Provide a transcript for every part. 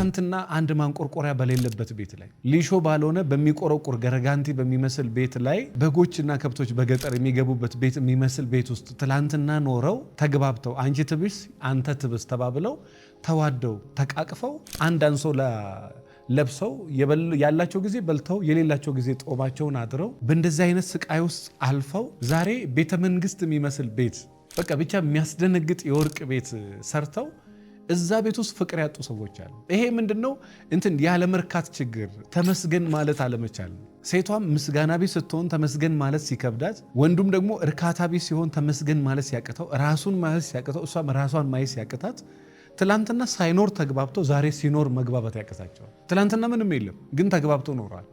ትናንትና አንድ ማንቆርቆሪያ በሌለበት ቤት ላይ ሊሾ ባልሆነ በሚቆረቁር ገረጋንቲ በሚመስል ቤት ላይ በጎችና ከብቶች በገጠር የሚገቡበት ቤት የሚመስል ቤት ውስጥ ትላንትና ኖረው ተግባብተው አንቺ ትብስ አንተ ትብስ ተባብለው ተዋደው ተቃቅፈው አንድ ሰው ለብሰው ያላቸው ጊዜ በልተው የሌላቸው ጊዜ ጦማቸውን አድረው በእንደዚህ አይነት ስቃይ ውስጥ አልፈው ዛሬ ቤተ መንግስት የሚመስል ቤት በቃ ብቻ የሚያስደነግጥ የወርቅ ቤት ሰርተው እዛ ቤት ውስጥ ፍቅር ያጡ ሰዎች አሉ። ይሄ ምንድነው? እንትን ያለ ችግር፣ ተመስገን ማለት አለመቻል። ሴቷም ምስጋና ቤት ስትሆን ተመስገን ማለት ሲከብዳት፣ ወንዱም ደግሞ እርካታ ቤት ሲሆን ተመስገን ማለት ሲያቅተው፣ ራሱን ማለት ሲያቅተው፣ እሷም ራሷን ማየት ሲያቅታት ትላንትና ሳይኖር ተግባብቶ ዛሬ ሲኖር መግባባት ያቅታቸዋል። ትላንትና ምንም የለም ግን ተግባብቶ ኖሯል።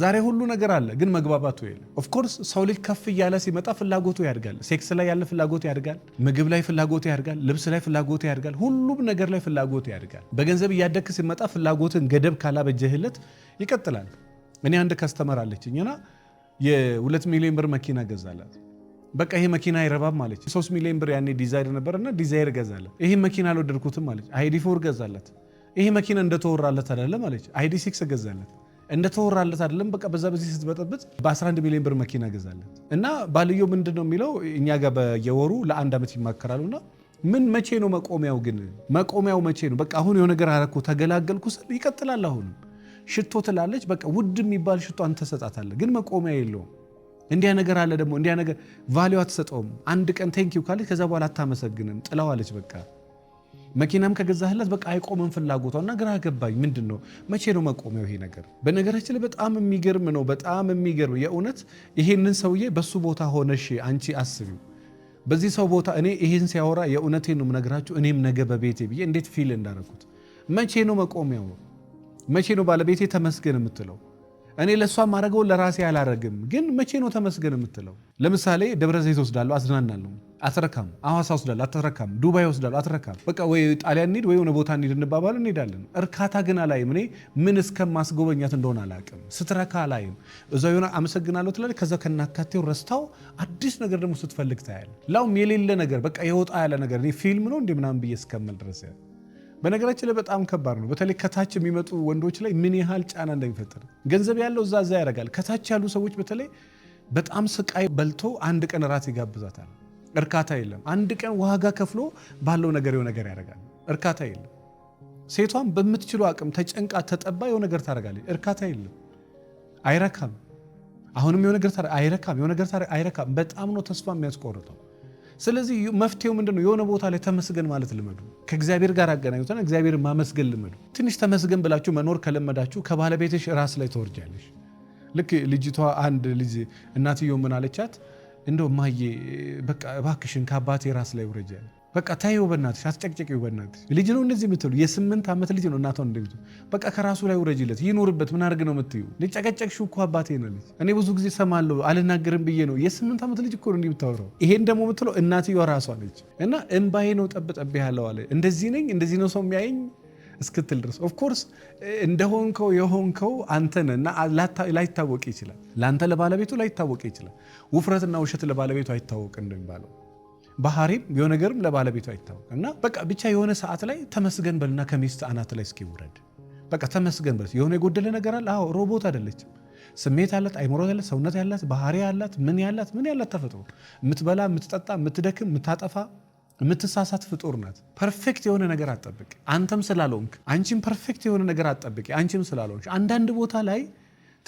ዛሬ ሁሉ ነገር አለ፣ ግን መግባባቱ የለ። ኦፍኮርስ ሰው ልጅ ከፍ እያለ ሲመጣ ፍላጎቱ ያድጋል። ሴክስ ላይ ያለ ፍላጎት ያድጋል፣ ምግብ ላይ ፍላጎት ያድጋል፣ ልብስ ላይ ፍላጎት ያድጋል፣ ሁሉም ነገር ላይ ፍላጎት ያድጋል። በገንዘብ እያደግክ ሲመጣ ፍላጎትን ገደብ ካላበጀህለት ይቀጥላል። እኔ አንድ ከስተመር አለችኝ እና የሁለት ሚሊዮን ብር መኪና ገዛላት። በቃ ይሄ መኪና አይረባም ማለች። ሶስት ሚሊዮን ብር ያኔ ዲዛይር ነበርና ዲዛይር ገዛላት። ይሄ መኪና አልወደድኩትም ማለች። አይዲ ፎር ገዛላት። ይሄ መኪና እንደተወራለት አይደለም ማለች። አይዲ ሲክስ ገዛላት። እንደተወራለት አይደለም። በቃ በዛ በዚህ ስትበጠብጥ በ11 ሚሊዮን ብር መኪና ገዛለት እና ባልዮ ምንድን ነው የሚለው እኛ ጋር በየወሩ ለአንድ ዓመት ይማከራሉና ምን መቼ ነው መቆሚያው? ግን መቆሚያው መቼ ነው? በቃ አሁን የሆነ ነገር አረኮ ተገላገልኩ ስል ይቀጥላል። አሁን ሽቶ ትላለች። በቃ ውድ የሚባል ሽቶ አንተ ሰጣታለህ፣ ግን መቆሚያ የለውም። እንዲያ ነገር አለ ደግሞ እንዲያ ነገር ቫሊዩ አትሰጠውም። አንድ ቀን ቴንኪው ካለች ከዛ በኋላ አታመሰግንም፣ ጥለዋለች በቃ መኪናም ከገዛህለት በቃ አይቆምም ፍላጎቷ እና ግራ ገባኝ። ምንድን ነው መቼ ነው መቆሚያው ይሄ ነገር? በነገራችን ላይ በጣም የሚገርም ነው፣ በጣም የሚገርም የእውነት። ይሄንን ሰውዬ በሱ ቦታ ሆነሽ አንቺ አስቢው። በዚህ ሰው ቦታ እኔ ይሄን ሲያወራ የእውነቴ ነው የምነግራችሁ። እኔም ነገ በቤቴ ብዬ እንዴት ፊል እንዳረኩት። መቼ ነው መቆሚያው? መቼ ነው ባለቤቴ ተመስገን የምትለው? እኔ ለእሷ ማድረገው ለራሴ አላረግም፣ ግን መቼ ነው ተመስገን የምትለው? ለምሳሌ ደብረ ዘይት ወስዳለሁ፣ አዝናናለሁ፣ አትረካም። አዋሳ ወስዳለሁ፣ አትረካም። ዱባይ ወስዳለሁ፣ አትረካም። በቃ ወይ ጣሊያን እንሂድ ወይ የሆነ ቦታ እንሂድ እንባባሉ፣ እንሄዳለን። እርካታ ግን አላይም። እኔ ምን እስከማስጎበኛት እንደሆነ አላቅም። ስትረካ አላይም። እዛ የሆነ አመሰግናለሁ ትላለች። ከዛ ከናካቴው ረስታው አዲስ ነገር ደግሞ ስትፈልግ ታያል። ላውም የሌለ ነገር በቃ የወጣ ያለ ነገር እኔ ፊልም ነው እንደ ምናምን ብዬ እስከምል ድረስ በነገራችን ላይ በጣም ከባድ ነው። በተለይ ከታች የሚመጡ ወንዶች ላይ ምን ያህል ጫና እንደሚፈጥር ገንዘብ ያለው እዛ እዛ ያደርጋል። ከታች ያሉ ሰዎች በተለይ በጣም ስቃይ በልቶ አንድ ቀን ራት ይጋብዛታል። እርካታ የለም። አንድ ቀን ዋጋ ከፍሎ ባለው ነገር የሆነ ነገር ያደርጋል። እርካታ የለም። ሴቷም በምትችሉ አቅም ተጨንቃ ተጠባ የሆነ ነገር ታደርጋለች። እርካታ የለም። አይረካም። አሁንም የሆነ ነገር አይረካም። የሆነ ነገር አይረካም። በጣም ነው ተስፋ የሚያስቆርጠው። ስለዚህ መፍትሄው ምንድነው የሆነ ቦታ ላይ ተመስገን ማለት ልመዱ። ከእግዚአብሔር ጋር አገናኙተን እግዚአብሔር ማመስገን ልመዱ። ትንሽ ተመስገን ብላችሁ መኖር ከለመዳችሁ ከባለቤትሽ ራስ ላይ ተወርጃለሽ። ልክ ልጅቷ አንድ ልጅ እናትየው ምን አለቻት? እንደው ማዬ በቃ እባክሽን ከአባቴ ራስ ላይ ውረጃል በቃ ታዩ በእናትሽ አስጨቅጨቂው በእናትሽ ልጅ ነው እንደዚህ የምትሉ የስምንት ዓመት ልጅ ነው እናቷን እንደዚህ በቃ ከራሱ ላይ ውረጅለት ይኖርበት ምን አድርግ ነው የምትዩ ጨቀጨቅሽው እኮ አባቴ ነው ልጅ እኔ ብዙ ጊዜ ሰማለሁ አልናገርም ብዬ ነው የስምንት ዓመት ልጅ እኮ ነው እንዲህ የምታወራው ይሄን ደግሞ የምትለው እናትየዋ ራሷ ነች እና እንባዬ ነው ጠብጠብ ያለው አለ እንደዚህ ነኝ እንደዚህ ነው ሰው የሚያየኝ እስክትል ድረስ ኦፍኮርስ እንደሆንከው የሆንከው አንተን እና ላይታወቅ ይችላል ለአንተ ለባለቤቱ ላይታወቅ ይችላል ውፍረትና ውሸት ለባለቤቱ አይታወቅ እንደሚባለው ባህሪም የሆነ ነገርም ለባለቤቱ አይታወቅም። እና በቃ ብቻ የሆነ ሰዓት ላይ ተመስገን በልና ከሚስት አናት ላይ እስኪ ውረድ። በቃ ተመስገን በል። የሆነ የጎደለ ነገር አለ። አዎ ሮቦት አይደለችም። ስሜት አላት፣ አይምሮ ያላት፣ ሰውነት ያላት፣ ባህሪ ያላት፣ ምን ያላት ምን ያላት ተፈጥሮ የምትበላ፣ የምትጠጣ፣ የምትደክም፣ የምታጠፋ፣ የምትሳሳት ፍጡር ናት። ፐርፌክት የሆነ ነገር አጠብቅ። አንተም ስላልሆንክ አንቺም ፐርፌክት የሆነ ነገር አጠብቅ። አንቺም ስላልሆንሽ አንዳንድ ቦታ ላይ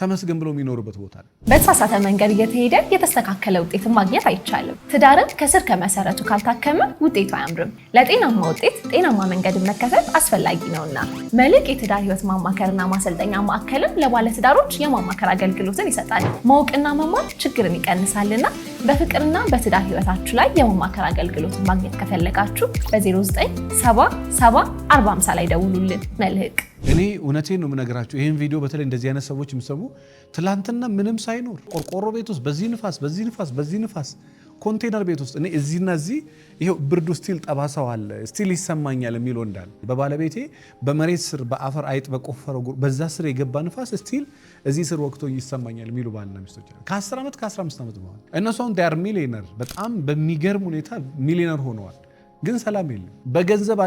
ተመስገን ብሎ የሚኖርበት ቦታ ነው። በተሳሳተ መንገድ እየተሄደ የተስተካከለ ውጤትን ማግኘት አይቻልም። ትዳርን ከስር ከመሰረቱ ካልታከመ ውጤቱ አያምርም። ለጤናማ ውጤት ጤናማ መንገድን መከተል አስፈላጊ ነውና መልሕቅ የትዳር ህይወት ማማከርና ማሰልጠኛ ማዕከልም ለባለትዳሮች የማማከር አገልግሎትን ይሰጣል። ማወቅና መማር ችግርን ይቀንሳልና በፍቅርና በትዳር ህይወታችሁ ላይ የማማከር አገልግሎትን ማግኘት ከፈለጋችሁ በ0977 450 ላይ ደውሉልን። መልሕቅ እኔ እውነቴ ነው የምነግራችሁ። ይህን ቪዲዮ በተለይ እንደዚህ አይነት ሰዎች የምሰሙ ትላንትና ምንም ሳይኖር ቆርቆሮ ቤት ውስጥ በዚህ ንፋስ፣ በዚህ ንፋስ፣ በዚህ ንፋስ ኮንቴነር ቤት ውስጥ እኔ እዚህና እዚህ ይኸው ብርዱ ስቲል ጠባሳው አለ ስቲል ይሰማኛል የሚለው ወንዳል በባለቤቴ በመሬት ስር በአፈር አይጥ በቆፈረው በዛ ስር የገባ ንፋስ ስቲል እዚህ ስር ወቅቶ ይሰማኛል የሚሉ ባልና ሚስቶች ከ10 ዓመት ከ15 ዓመት በኋላ እነሱ አሁን ዳር ሚሊዮነር በጣም በሚገርም ሁኔታ ሚሊዮነር ሆነዋል። ግን ሰላም የለም። በገንዘብ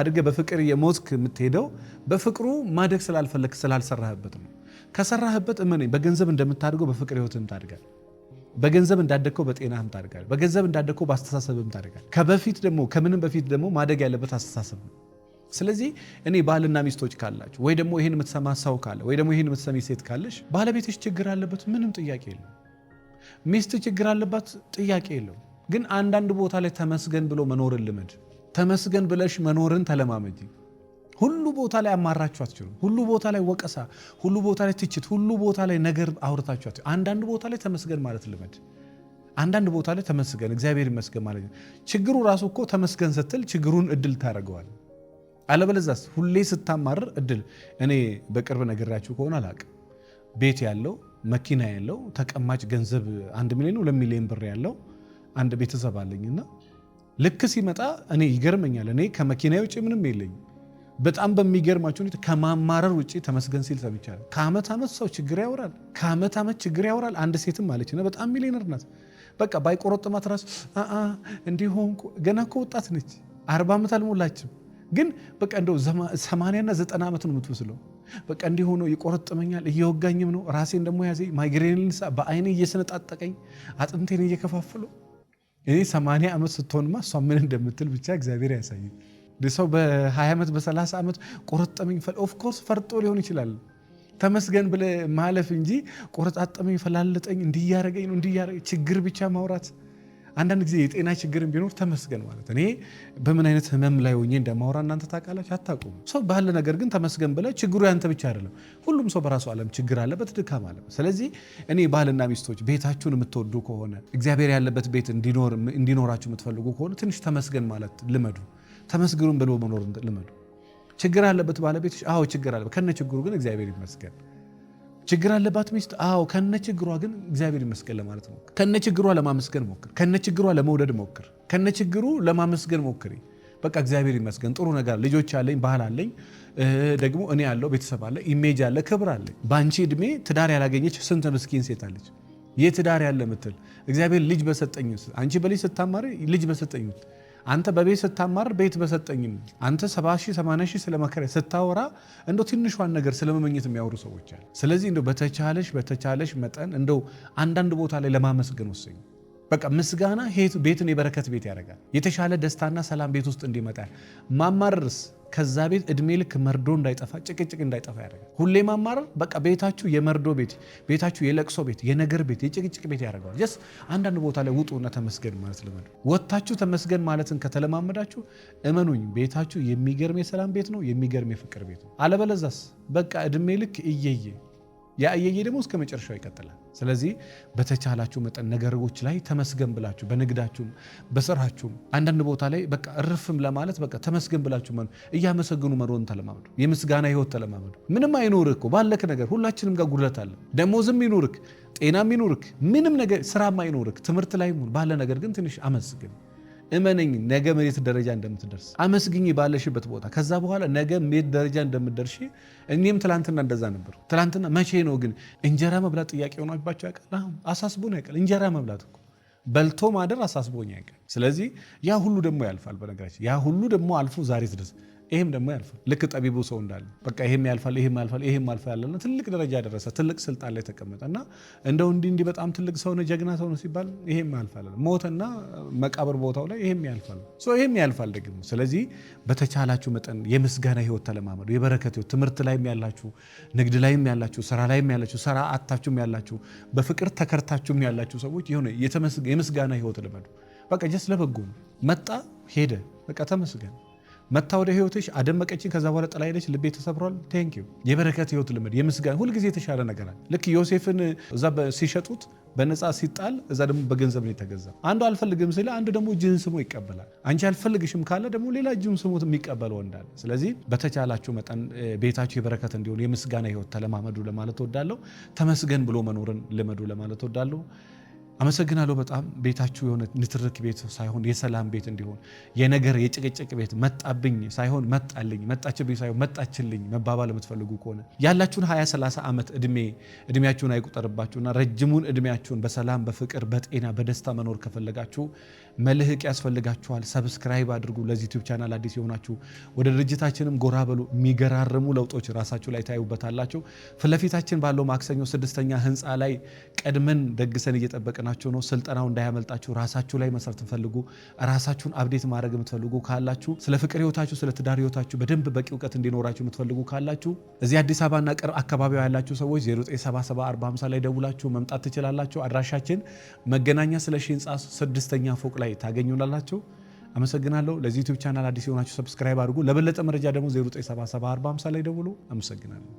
አድገ በፍቅር የሞትክ የምትሄደው በፍቅሩ ማደግ ስላልፈለግ ስላልሰራህበት ነው። ከሰራህበት እመን በገንዘብ እንደምታድገው በፍቅር ህይወትም ታድጋል። በገንዘብ እንዳደግከው በጤናህም ታድጋል። በገንዘብ እንዳደግከው በአስተሳሰብም ታድጋል። ከበፊት ደግሞ ከምንም በፊት ደግሞ ማደግ ያለበት አስተሳሰብ ነው። ስለዚህ እኔ ባልና ሚስቶች ካላችሁ ወይ ደግሞ ይህን የምትሰማ ሰው ካለ ወይ ደግሞ ይህን የምትሰሚ ሴት ካለሽ ባለቤትሽ ችግር አለበት፣ ምንም ጥያቄ የለው። ሚስት ችግር አለባት፣ ጥያቄ የለው ግን አንዳንድ ቦታ ላይ ተመስገን ብሎ መኖርን ልመድ። ተመስገን ብለሽ መኖርን ተለማመጂ። ሁሉ ቦታ ላይ አማራችሁ አትችሉም። ሁሉ ቦታ ላይ ወቀሳ፣ ሁሉ ቦታ ላይ ትችት፣ ሁሉ ቦታ ላይ ነገር አውርታችሁ አትችሉ። አንዳንድ ቦታ ላይ ተመስገን ማለት ልመድ። አንዳንድ ቦታ ላይ ተመስገን እግዚአብሔር ይመስገን ማለት ችግሩ ራሱ እኮ ተመስገን ስትል ችግሩን እድል ታደርገዋል። አለበለዛ ሁሌ ስታማርር እድል እኔ በቅርብ ነገራችሁ ከሆነ አላቅም ቤት ያለው መኪና ያለው ተቀማጭ ገንዘብ አንድ ሚሊዮን ሁለት ሚሊዮን ብር ያለው አንድ ቤተሰብ አለኝና ልክ ሲመጣ እኔ ይገርመኛል። እኔ ከመኪና ውጭ ምንም የለኝ በጣም በሚገርማቸው ሁኔታ ከማማረር ውጭ ተመስገን ሲል ሰምቻለሁ። ከዓመት ዓመት ሰው ችግር ያወራል፣ ከዓመት ዓመት ችግር ያወራል። አንድ ሴትም አለችና በጣም ሚሊዮነር ናት። በቃ ባይቆረጥማት ራሱ እንዲሆን ገና እኮ ወጣት ነች፣ አርባ ዓመት አልሞላችም። ግን በቃ እንደው ሰማንያና ዘጠና ዓመት ነው የምትመስለው። በቃ እንዲህ ሆኖ ይቆረጥመኛል፣ እየወጋኝም ነው ራሴን ደግሞ ያዘኝ፣ ማይግሬንን በአይኔ እየሰነጣጠቀኝ አጥንቴን እየከፋፈለው እኔ ሰማንያ ዓመት ስትሆንማ እሷ ምን እንደምትል ብቻ እግዚአብሔር ያሳይ። ሰው በ20 ዓመት በ30 ዓመት ቆረጠመኝ ኦፍኮርስ ፈርጦ ሊሆን ይችላል ተመስገን ብለህ ማለፍ እንጂ ቆረጣጠመኝ፣ ፈላለጠኝ፣ እንዲያረገኝ ነው እንዲያረገኝ ችግር ብቻ ማውራት አንዳንድ ጊዜ የጤና ችግርን ቢኖር ተመስገን ማለት እኔ በምን አይነት ህመም ላይ ሆኜ እንደማወራ እናንተ ታውቃላችሁ አታውቁም። ሰው ባለ ነገር ግን ተመስገን ብለ ችግሩ ያንተ ብቻ አይደለም። ሁሉም ሰው በራሱ ዓለም ችግር አለበት፣ ድካም አለበት። ስለዚህ እኔ ባልና ሚስቶች ቤታችሁን የምትወዱ ከሆነ እግዚአብሔር ያለበት ቤት እንዲኖራችሁ የምትፈልጉ ከሆነ ትንሽ ተመስገን ማለት ልመዱ። ተመስግኑን ብሎ መኖር ልመዱ። ችግር አለበት ባለቤቶች፣ አዎ ችግር አለበት፣ ከነ ችግሩ ግን እግዚአብሔር ይመስገን ችግር አለባት ሚስት? አዎ፣ ከነ ችግሯ ግን እግዚአብሔር ይመስገን ለማለት ሞክር። ከነ ችግሯ ለማመስገን ሞክር። ከነ ችግሯ ለመውደድ ሞክር። ከነ ችግሩ ለማመስገን ሞክሪ። በቃ እግዚአብሔር ይመስገን ጥሩ ነገር ልጆች አለኝ፣ ባህል አለኝ፣ ደግሞ እኔ ያለው ቤተሰብ አለ፣ ኢሜጅ አለ፣ ክብር አለኝ። በአንቺ እድሜ ትዳር ያላገኘች ስንት ምስኪን ሴት አለች። የትዳር ያለ ምትል እግዚአብሔር ልጅ በሰጠኝ አንቺ በልጅ ስታማሪ ልጅ በሰጠኝ አንተ በቤት ስታማር ቤት በሰጠኝም አንተ ሰባ ሺህ ስለ ስታወራ እንደ ትንሿን ነገር ስለመመኘት የሚያወሩ ሰዎች አሉ። ስለዚህ እንደ በተቻለሽ በተቻለሽ መጠን እንደው አንዳንድ ቦታ ላይ ለማመስገን ወሰኝ። በቃ ምስጋና ቤትን የበረከት ቤት ያደርጋል። የተሻለ ደስታና ሰላም ቤት ውስጥ እንዲመጣል ማማርርስ ከዛ ቤት እድሜ ልክ መርዶ እንዳይጠፋ፣ ጭቅጭቅ እንዳይጠፋ ያደርጋል። ሁሌ ማማረር በቃ ቤታችሁ የመርዶ ቤት፣ ቤታችሁ የለቅሶ ቤት፣ የነገር ቤት፣ የጭቅጭቅ ቤት ያደርገዋል። ስ አንዳንድ ቦታ ላይ ውጡና ተመስገን ማለት ልመዱ። ወጥታችሁ ተመስገን ማለትን ከተለማመዳችሁ እመኑኝ ቤታችሁ የሚገርም የሰላም ቤት ነው፣ የሚገርም የፍቅር ቤት ነው። አለበለዛስ በቃ እድሜ ልክ እየየ ያ እየየ ደግሞ እስከ መጨረሻው ይቀጥላል። ስለዚህ በተቻላችሁ መጠን ነገሮች ላይ ተመስገን ብላችሁ በንግዳችሁም በስራችሁም አንዳንድ ቦታ ላይ በቃ እርፍም ለማለት በቃ ተመስገን ብላችሁ መ እያመሰግኑ መሮን ተለማመዱ። የምስጋና ህይወት ተለማመዱ። ምንም አይኖርህ እኮ ባለክ ነገር ሁላችንም ጋር ጉድለት አለ። ደሞዝም ይኖርክ፣ ጤናም ይኖርክ፣ ምንም ነገር ስራም አይኖርክ፣ ትምህርት ላይ ባለ ነገር ግን ትንሽ አመስግን። እመነኝ ነገ መሬት ደረጃ እንደምትደርስ አመስግኝ ባለሽበት ቦታ። ከዛ በኋላ ነገ መሬት ደረጃ እንደምትደርሽ እኔም ትላንትና እንደዛ ነበር። ትላንትና መቼ ነው ግን እንጀራ መብላት ጥያቄ ሆኖባቸው ያውቃል? አሳስቦን ያውቃል? እንጀራ መብላት እኮ በልቶ ማደር አሳስቦኝ ያውቃል? ስለዚህ ያ ሁሉ ደግሞ ያልፋል። በነገራችን ያ ሁሉ ደግሞ አልፎ ዛሬ ይህም ደግሞ ያልፋል። ልክ ጠቢቡ ሰው እንዳለ በቃ ይህም ያልፋል፣ ይህም ያልፋል፣ ይህም ያልፋል ያለ ትልቅ ደረጃ ደረሰ፣ ትልቅ ስልጣን ላይ ተቀመጠ እና እንደው እንዲህ እንዲህ በጣም ትልቅ ሰው ነው ጀግና ሰው ነው ሲባል ይህም ያልፋል ሞተና መቃብር ቦታው ላይ ይህም ያልፋል፣ ይህም ያልፋል ደግሞ። ስለዚህ በተቻላችሁ መጠን የምስጋና ህይወት ተለማመዱ፣ የበረከት ህይወት። ትምህርት ላይም ያላችሁ፣ ንግድ ላይም ያላችሁ፣ ስራ ላይም ያላችሁ፣ ስራ አታችሁም ያላችሁ፣ በፍቅር ተከርታችሁም ያላችሁ ሰዎች የሆነ የምስጋና ህይወት ልመዱ። በቃ ጀስ ለበጎ ነው። መጣ ሄደ፣ በቃ ተመስገን መታ ወደ ህይወትሽ አደመቀችን። ከዛ በኋላ ጥላ ሄደች። ልቤ ተሰብሯል። ቴንክ ዩ የበረከት ህይወት ልምድ፣ የምስጋና ሁልጊዜ የተሻለ ነገር አለ። ልክ ዮሴፍን እዛ ሲሸጡት በነፃ ሲጣል እዛ ደግሞ በገንዘብ ነው የተገዛ። አንዱ አልፈልግም ሲል አንዱ ደግሞ እጅህን ስሞ ይቀበላል። አንቺ አልፈልግሽም ካለ ደግሞ ሌላ እጅም ስሞት የሚቀበል ወንዳል። ስለዚህ በተቻላችሁ መጠን ቤታችሁ የበረከት እንዲሆን የምስጋና ህይወት ተለማመዱ ለማለት ወዳለሁ። ተመስገን ብሎ መኖርን ልመዱ ለማለት ወዳለሁ። አመሰግናለሁ በጣም ቤታችሁ የሆነ ንትርክ ቤት ሳይሆን የሰላም ቤት እንዲሆን የነገር የጭቅጭቅ ቤት መጣብኝ ሳይሆን መጣልኝ መጣችብኝ ሳይሆን መጣችልኝ መባባል የምትፈልጉ ከሆነ ያላችሁን 20 30 ዓመት እድሜ እድሜያችሁን አይቁጠርባችሁና ረጅሙን እድሜያችሁን በሰላም በፍቅር በጤና በደስታ መኖር ከፈለጋችሁ መልህቅ ያስፈልጋችኋል። ሰብስክራይብ አድርጉ። ለዚህ ዩቲዩብ ቻናል አዲስ የሆናችሁ ወደ ድርጅታችንም ጎራ በሉ። የሚገራርሙ ለውጦች ራሳችሁ ላይ ታዩበታላችሁ። ፊትለፊታችን ባለው ማክሰኞ ስድስተኛ ህንፃ ላይ ቀድመን ደግሰን እየጠበቅናችሁ ነው። ስልጠናው እንዳያመልጣችሁ። ራሳችሁ ላይ መስራት ትፈልጉ፣ ራሳችሁን አብዴት ማድረግ የምትፈልጉ ካላችሁ፣ ስለ ፍቅር ህይወታችሁ፣ ስለ ትዳር ህይወታችሁ በደንብ በቂ እውቀት እንዲኖራችሁ የምትፈልጉ ካላችሁ እዚህ አዲስ አበባና ቅርብ አካባቢ ያላችሁ ሰዎች 0977 ላይ ደውላችሁ መምጣት ትችላላችሁ። አድራሻችን መገናኛ ስለሺ ህንፃ ስድስተኛ ፎቅ ላይ ላይ ታገኙላላችሁ። አመሰግናለሁ። ለዚህ ዩቲዩብ ቻናል አዲስ የሆናችሁ ሰብስክራይብ አድርጉ። ለበለጠ መረጃ ደግሞ 0977 ላይ ደውሉ። አመሰግናለሁ።